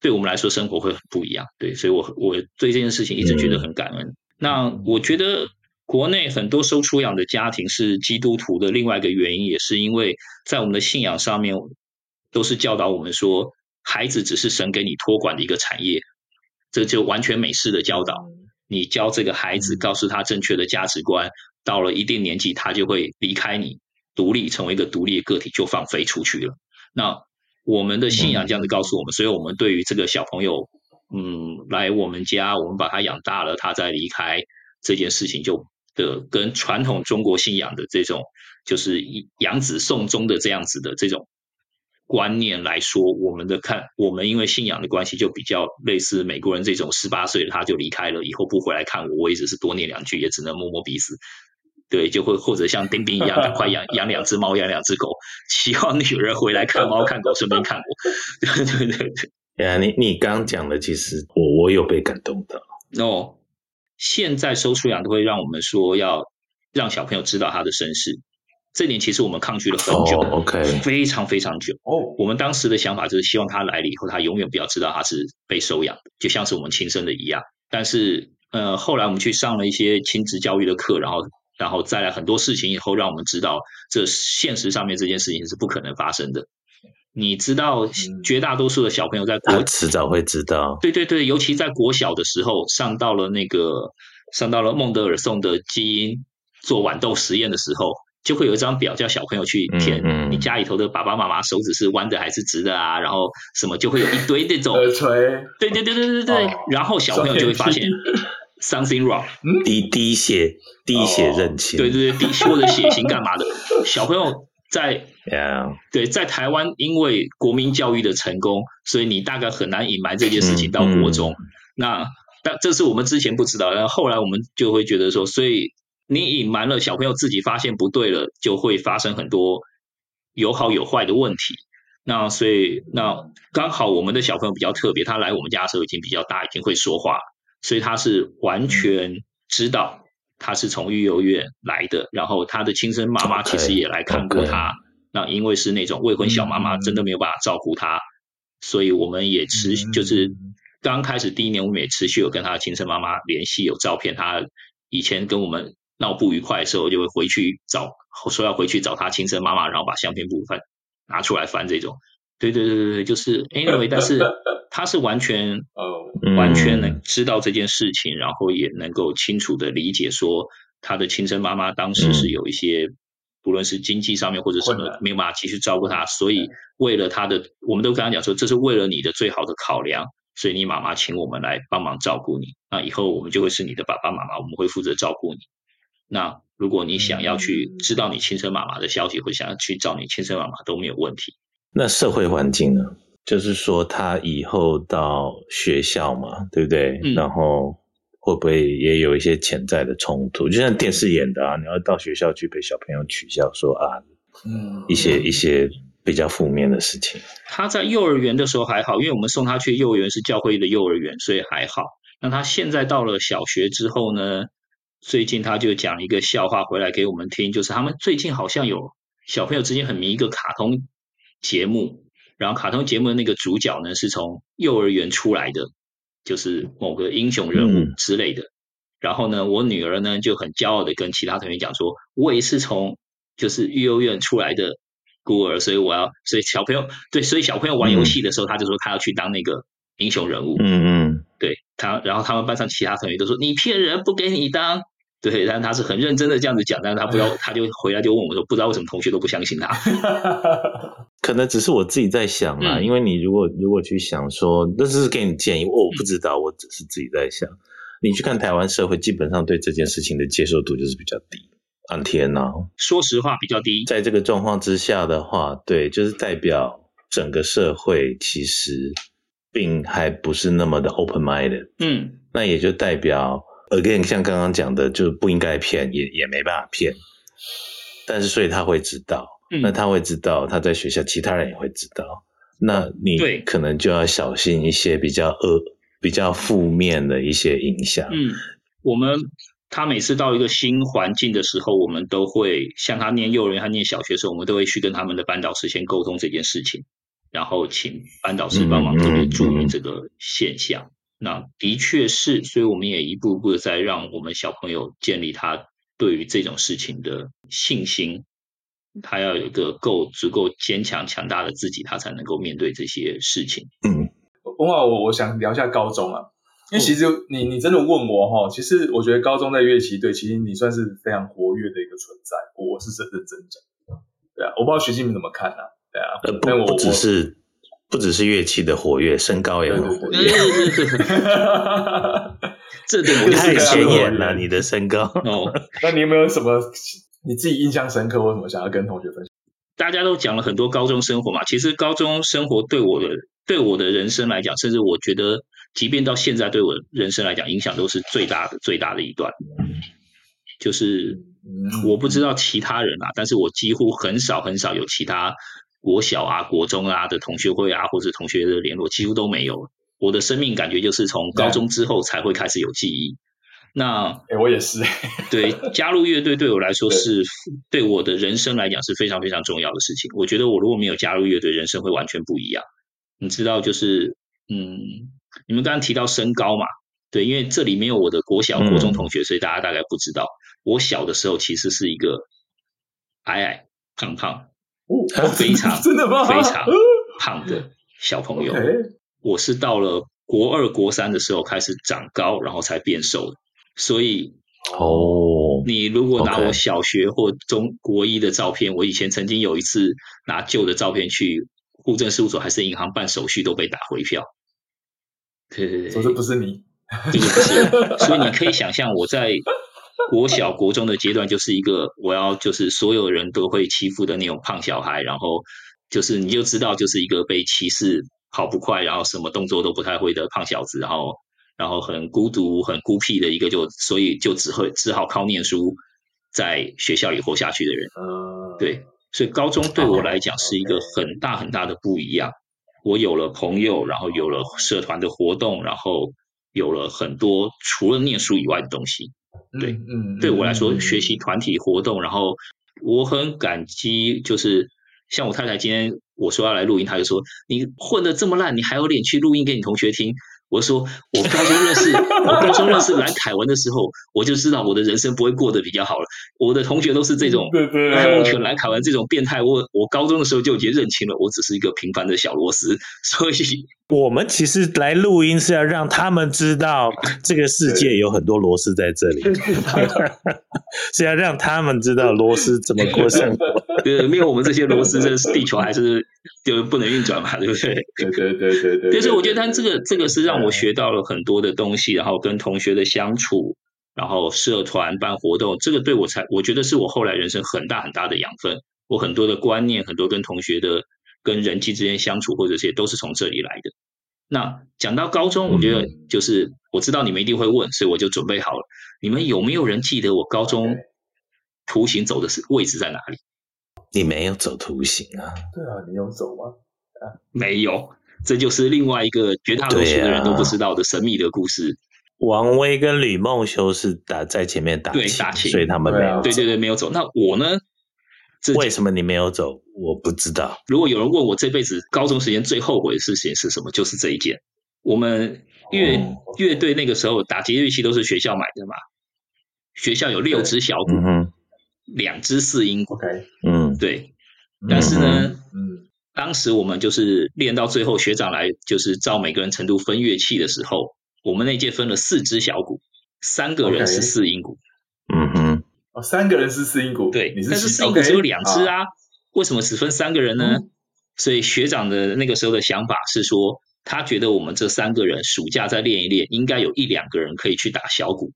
S1: 對我們來說，生活會很不一樣，對，所以我我對這件事情一直覺得很感恩。嗯、那我覺得國內很多收出養的家庭是基督徒的另外一個原因，也是因為在我們的信仰上面，都是教導我們說，孩子只是神給你托管的一個產業，這就完全美式的教導。你教這個孩子，告訴他正確的價值觀，到了一定年紀，他就會離開你，獨立成為一個獨立的個體，就放飛出去了。那。我們的信仰這樣子告訴我們，嗯、所以我們對於這個小朋友，嗯，來我們家，我們把他養大了，他再離開這件事情就，就的跟傳統中國信仰的這種，就是養子送終的這樣子的這種觀念來說，我們的看，我們因為信仰的關係，就比較類似美國人這種十八歲的他就離開了，以後不回來看我，我也只是多念兩句，也只能摸摸鼻子。對，就會或者像丁丁一樣，趕快養養兩，養兩隻貓，養兩隻狗，希望
S2: 女兒回來看貓看狗，順便看我。對對對對，你你剛講的，其實我我有被感動到。哦，oh, 現在收出養都會讓我們說
S1: 要讓小朋友知道他的身世，這點其實我們抗拒了很久，oh,，OK，非常非常久。哦，oh, 我們當時的想法就是希望他來了以後，他永遠不要知道他是被收養的，就像是我們親生的一樣。但是呃，後來我們去上了一些親子教育的課，然後。然後再來很多事情以後，讓我們知道這現實上面這件事情是不可能發生的。你知道，絕大多數的小朋友在國、啊、遲早會知道。對對對，尤其在國小的時候，上到了那個上到了孟德爾送的基因做豌豆實驗的時候，就會有一張表叫小朋友去填。你家裡頭的爸爸媽媽手指是彎的還是直的啊？然後什麼就會有一堆那種耳垂。 對,對對
S2: 對對對對。
S1: 哦、然後小朋友就會發現。嗯嗯 something wrong，、嗯、滴滴血，滴血認親，oh, 對對對，滴血 或者血型幹嘛的？小朋友在 Yeah. 對，在台灣，因為國民教育的成功，所以你大概很難隱瞞這件事情到國中。嗯嗯、那但這是我們之前不知道，然後後來我們就會覺得說，所以你隱瞞了，小朋友自己發現不對了，就會發生很多有好有壞的問題。那所以那剛好我們的小朋友比較特別，他來我們家的時候已經比較大，已經會說話。所以他是完全知道他是從育幼院來的，然後他的親生媽媽其實也來看過他。Okay, okay. 那因為是那種未婚小媽媽，真的沒有辦法照顧他，嗯、所以我們也持、嗯、就是剛開始第一年，我們也持續有跟他的親生媽媽聯繫，有照片。他以前跟我們鬧不愉快的時候，就會回去找，說要回去找他親生媽媽，然後把相片部分拿出來翻這種。對對對對對，就是 anyway，但是他是完全呃、嗯、完全能知道這件事情，然後也能夠清楚的理解說他的親生媽媽當時是有一些，嗯、不論是經濟上面或者什麼，的沒有辦法繼續照顧他，所以為了他的，我們都剛剛講說這是為了你的最好的考量，所以你媽媽請我們來幫忙照顧你，那以後我們就會是你的爸爸媽媽，我們會負責照顧你。那如果你想要去知道你親生媽媽的消息，或想要去找你親生媽媽都沒
S2: 有問題。那社會環境呢？就是說他以後到學校嘛，對不對？嗯，然後會不會也有一些潛在的衝突？就像電視演的啊，你要到學校去被小朋友取笑，說啊，嗯，一些一些比較負面的事情。
S1: 他在幼兒園的時候還好，因為我們送他去幼兒園是教會的幼兒園，所以還好。那他現在到了小學之後呢，最近他就講一個笑話回來給我們聽，就是他們最近好像有小朋友之間很迷一個卡通。節目，然後卡通節目的那個主角呢，是從幼兒園出來的，就是某個英雄人物之類的。嗯、然後呢，我女兒呢就很驕傲的跟其他同學講說，我也是從就是育幼院出來的孤兒，所以我要，所以小朋友對，所以小朋友玩遊戲的時候，嗯、他就說他要去當那個英雄人物。嗯嗯，對他，然後他們班上其他同學都說你騙人，不給你當。對，但是他是
S2: 很認真的這樣子講，但是他不知道，嗯、他就回來就問我說，不知道為什麼同學都不相信他。 可能只是我自己在想嘛，嗯、因為你如果如果去想說，那是給你建議，哦，我不知道，嗯、我只是自己在想。你去看台灣社會，基本上對這件事情的接受度就是比較低。天哪，說實話，比較低。在這個狀況之下的話，對，就是代表整個社會其實並還不是那麼的 open minded。嗯，那也就代表 again，像剛剛講的，就是不應該騙，也也沒辦法騙。但是所以他會知道。那他會知道，嗯、他在學校其他人也會知道。那你對可能就要小心一些比較惡、呃、比較負面的一些影響。嗯，我們他每次到一個新
S1: 環境的時候，我們都會像他念幼兒園、他念小學的時候，我們都會去跟他們的班導師先溝通這件事情，然後請班導師幫忙特別注意這個現象。嗯嗯嗯、那的確是，所以我們也一步步在讓我們小朋友建立他對於這種事情的信心。他要有一個夠足夠堅強強大的自己，他才能夠面對這些事情。
S3: 嗯，我我，我想聊一下高中啊，因為其實你你真的問我哈，其實我覺得高中在樂器隊，其實你算是非常活躍的一個存在，我是真的真正的，對啊，我不知道徐靜敏怎麼看啊，
S2: 對啊，呃，不我不只是我不只是樂器的活躍，身高也很活躍。哈哈我這太顯眼了，你的身高。哦，那
S3: 你有沒有什麼？你自己印象深刻，我為什麼想要跟同學分享？
S1: 大家都講了很多高中生活嘛。其實高中生活對我的對我的人生來講，甚至我覺得，即便到現在對我的人生來講，影響都是最大的最大的一段。就是我不知道其他人啊，嗯、但是我幾乎很少很少有其他國小啊、國中啊的同學會啊，或者同學的聯絡，幾乎都沒有。我的生命感覺就是從高中之後才會開始有記憶。那、欸、我也是，欸，對，加入樂隊對我來說是， 對我的人生來講是非常非常重要的事情。我覺得我如果沒有加入樂隊，人生會完全不一樣。你知道，就是嗯，你們剛剛提到身高嘛，對，因為這裡沒有我的國小、國中同學，嗯、所以大家大概不知道，我小的時候其實是一個矮矮胖胖、
S2: 哦啊、非常、真的嗎？非常
S1: 胖的小朋友。 Okay 我是到了國二、國三的時候開始長高，然後才變瘦的。所以，哦，你如果拿我小學或中國一的照片，okay 我以前曾經有一次拿舊的照片去戶政事務所還是銀行辦手續，都被打回票。對對對，
S3: 總之，不是你，
S1: 就是不是。所以你可以想象我在國小國中的階段，就是一個我要就是所有人都會欺負的那種胖小孩，然後就是你就知道，就是一個被歧視、跑不快，然後什麼動作都不太會的胖小子，然後。然後很孤獨、很孤僻的一個就，就所以就只會只好靠念書，在學校裡活下去的人。嗯、對，所以高中對我來講是一個很大很大的不一樣。我有了朋友，然後有了社團的活動，然後有了很多除了念書以外的東西。嗯、對，嗯，對我來說，學習團體活動，然後我很感激。就是像我太太今天我說要來錄音，她就說：“你混得這麼爛，你還有臉去錄音給你同學聽？”我說，我高中認識， 我高中認識藍凱文的時候，我就知道我的人生不會過得比較好了。我的同學都是這種，對，對對，藍凱文這種變態。我我高中的時候就已經認
S2: 清了，我只是一個平凡的小螺絲。所以，我們其實來錄音是要讓他們知道，這個世界有很多螺絲在這裡， 是要讓他們知道螺絲怎麼過生活。對，沒有我們這些螺絲，這地球還是
S1: 就不能運轉嘛，對不對？對對對對，對。對對對但是我覺得，他這個這個是讓我學到了很多的東西，然後跟同學的相處，然後社團辦活動，這個對我才我覺得是我後來人生很大很大的養分。我很多的觀念，很多跟同學的跟人際之間相處，或者這些都是從這裡來的。那講到高中，我覺得就是我知道你們一定會問，所以我就準備好了。你們有沒有人記得我高中圖形走的是位置在哪裡？你沒有走圖形啊？對啊，
S2: 你有走嗎？啊，沒有，這就是另外一個絕大多數的人都不知道的神秘的故事。啊、王威跟李夢修是打在前面打氣，對打，所以他們沒有對、啊、對對對，沒有走。那我呢？為什麼你沒有走？我不知道。如果
S1: 有人問我這輩子高中時間最後悔的事情是什麼，就是這一件。我們樂樂、哦、隊那個時候打擊樂器都是學校買的嘛，學校有六隻小鼓，對兩隻四音，嗯。對，但是呢，嗯，嗯，當時我們就是練到最後，學長來就是照每個人程度分樂器的時候，我們那屆分了四支小鼓，三個人是四音鼓
S3: ，Okay.
S1: 嗯嗯哼。哦，三個人是四音鼓，對，你是但是四音只有兩支啊，啊為什麼只分三個人呢？嗯、所以學長的那個時候的想法是說，他覺得我們這三個人暑假再練一練，應該有一兩個人可以去打小鼓。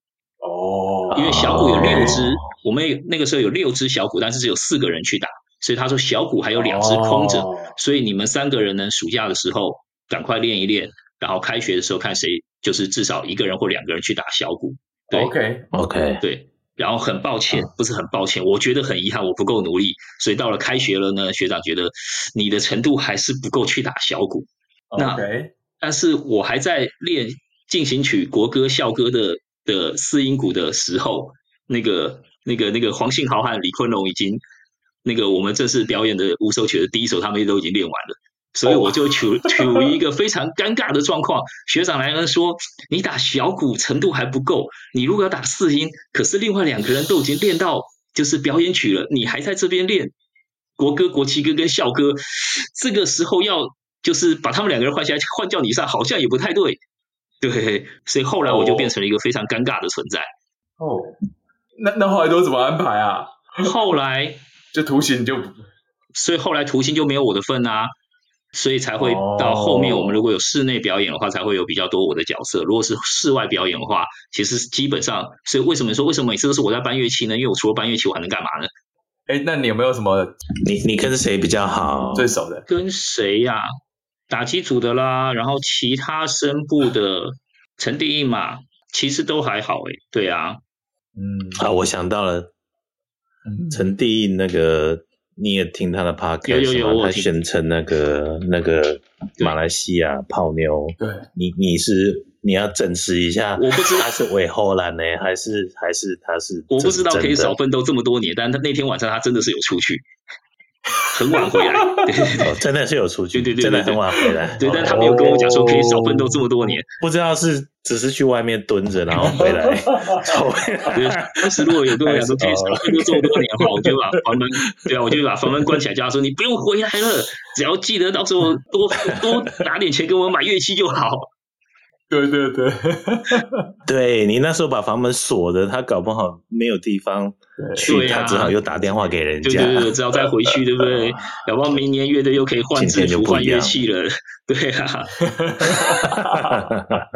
S1: 因為小鼓有六支，oh. 我們那個時候有六支小鼓，但是只有四個人去打，所以他說小鼓還有兩支空着，oh. 所以你們三個人呢，暑假的時候趕快練一練，然後開學的時候看誰就是至少一個人或兩個人去打小鼓。對。OK OK 對，然後很抱歉，不是很抱歉，嗯、我覺得很遺憾，我不夠努力，所以到了開學了呢，學長覺得你的程度還是不夠去打小鼓。Okay. 那但是我還在練進行曲、國歌、校歌的。的四音鼓的時候，那個、那個、那個黃信豪和李坤龍已經，那個我們正式表演的五首曲的第一首他們都已經練完了，所以我就處處、oh. 處於一個非常尷尬的狀況。學長來了說：“你打小鼓程度還不夠，你如果要打四音，可是另外兩個人都已經練到就是表演曲了，你還在這邊練國歌、國旗歌跟校歌，這個時候要就是把他們兩個人換下來換叫你上，好像也不太對。”對，所以後來我就變成了一個非常尷尬的存在。
S3: 哦，那那後來都怎麼安排啊？後來，這圖形就，
S1: 所以後來圖形就沒有我的份啊。所以才會到後面，我們如果有室內表演的話，才會有比較多我的角色。如果是室外表演的話，其實基本上，所以為什麼你說為什麼每次都是我在搬樂器呢？因為我除了搬樂器，我還能幹嘛呢？哎，那你有沒有什麼？你你跟誰比較好、最熟的？跟誰呀？打擊組的啦，然後其他聲部的
S2: 陳地印嘛，其實都還好誒、欸。對啊，嗯，啊，我想到了，陳地印那個、嗯、你也聽他的 podcast 嗎？有有有，他宣稱那個那個馬來西亞泡妞，對，你你是你要證實一下，我不知道他是尾後了呢，還是還是他是真真，我不知道可以少奮鬥這麼多年，但他那天晚上他真的是有出去。很晚回來，真的是有出去，對對對，真的很晚回來。對，但他沒有跟我講說可以少奮鬥這麼多年，不知道是只是去外面蹲着，然後回來。但是如果有跟我講說可以少奮鬥這麼多年的話，我就把房門，對啊，我就把房門關起來，叫他說你不用回來了，
S1: 只要記得到時候多多拿點錢給我買樂器就好。
S2: 對對對，對，對你那時候把房門鎖著，他搞不好沒有地方去，啊、他只好又打電話給人家，對對對，只好再回去，對不對？搞不好明年樂隊又
S1: 可以換制服、換樂器了，對啊，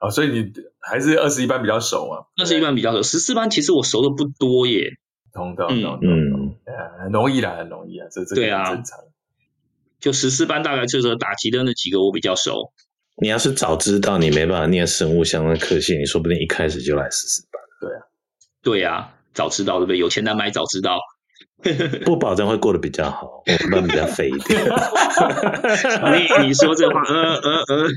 S3: 哦、所以你還是二十一班比較熟啊？二十一班比較熟，十四班其實我熟的不多耶。同道，嗯嗯，很容易啦，很容易啊，易啊這這對啊，
S1: 就十四班大概就是打擊的那幾個我比較熟。
S2: 你要是早知道，你沒辦法念生物相關科系，你說不定一開始就來十四
S1: 班
S2: 了。對啊，對啊，早知道對不對？有錢難買早知道，不保證會過得比較好，可能比較廢一點。 你你說這話，嗯嗯 呃、呃、呃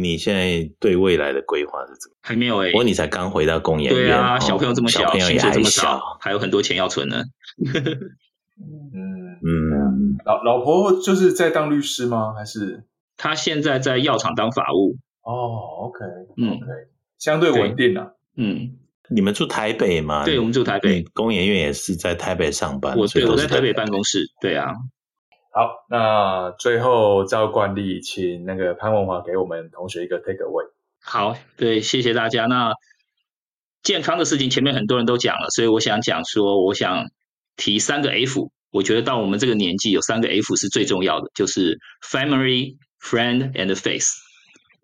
S2: 你現在對未來的規劃是怎麼？還沒有哎、欸，不過你才剛回到公園，對啊，小朋友這麼小，小朋友也還小這麼，還有很多錢要存呢。嗯
S3: 嗯嗯，嗯老老婆就是在當律師嗎？還是？他現在在藥廠當法務哦、
S2: oh,，OK，OK，okay, okay. 相對穩定了，啊。嗯，你們住台北嗎？對，你我們住台北，工研院也是在台北上班。我我在台北辦公室，對啊。好，那
S3: 最後照慣例，請那個潘文華給我們同學一個 take away。
S1: 好，對，謝謝大家。那健康的事情前面很多人都講了，所以我想講說，我想提三個 F。我覺得到我們這個年紀，有三個 F 是最重要的，就是 family、嗯。Friend and faith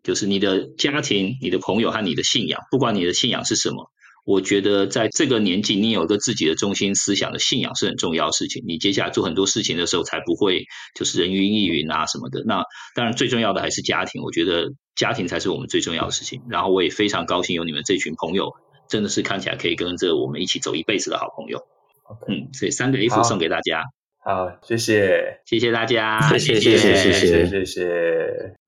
S1: 就是你的家庭、你的朋友和你的信仰。不管你的信仰是什麼，我覺得在這個年紀，你有一個自己的中心思想的信仰是很重要的事情。你接下來做很多事情的時候，才不會就是人云亦云啊什麼的。那當然最重要的還是家庭，我覺得家庭才是我們最重要的事情。然後我也非常高興有你們這群朋友，真的是看起來可以跟着我們一起走一輩子的好朋友。Okay. 嗯，所以三個 F 送給大家。好，謝謝，謝謝大家，
S3: 謝謝，謝謝，謝謝， 謝謝。謝
S2: 謝。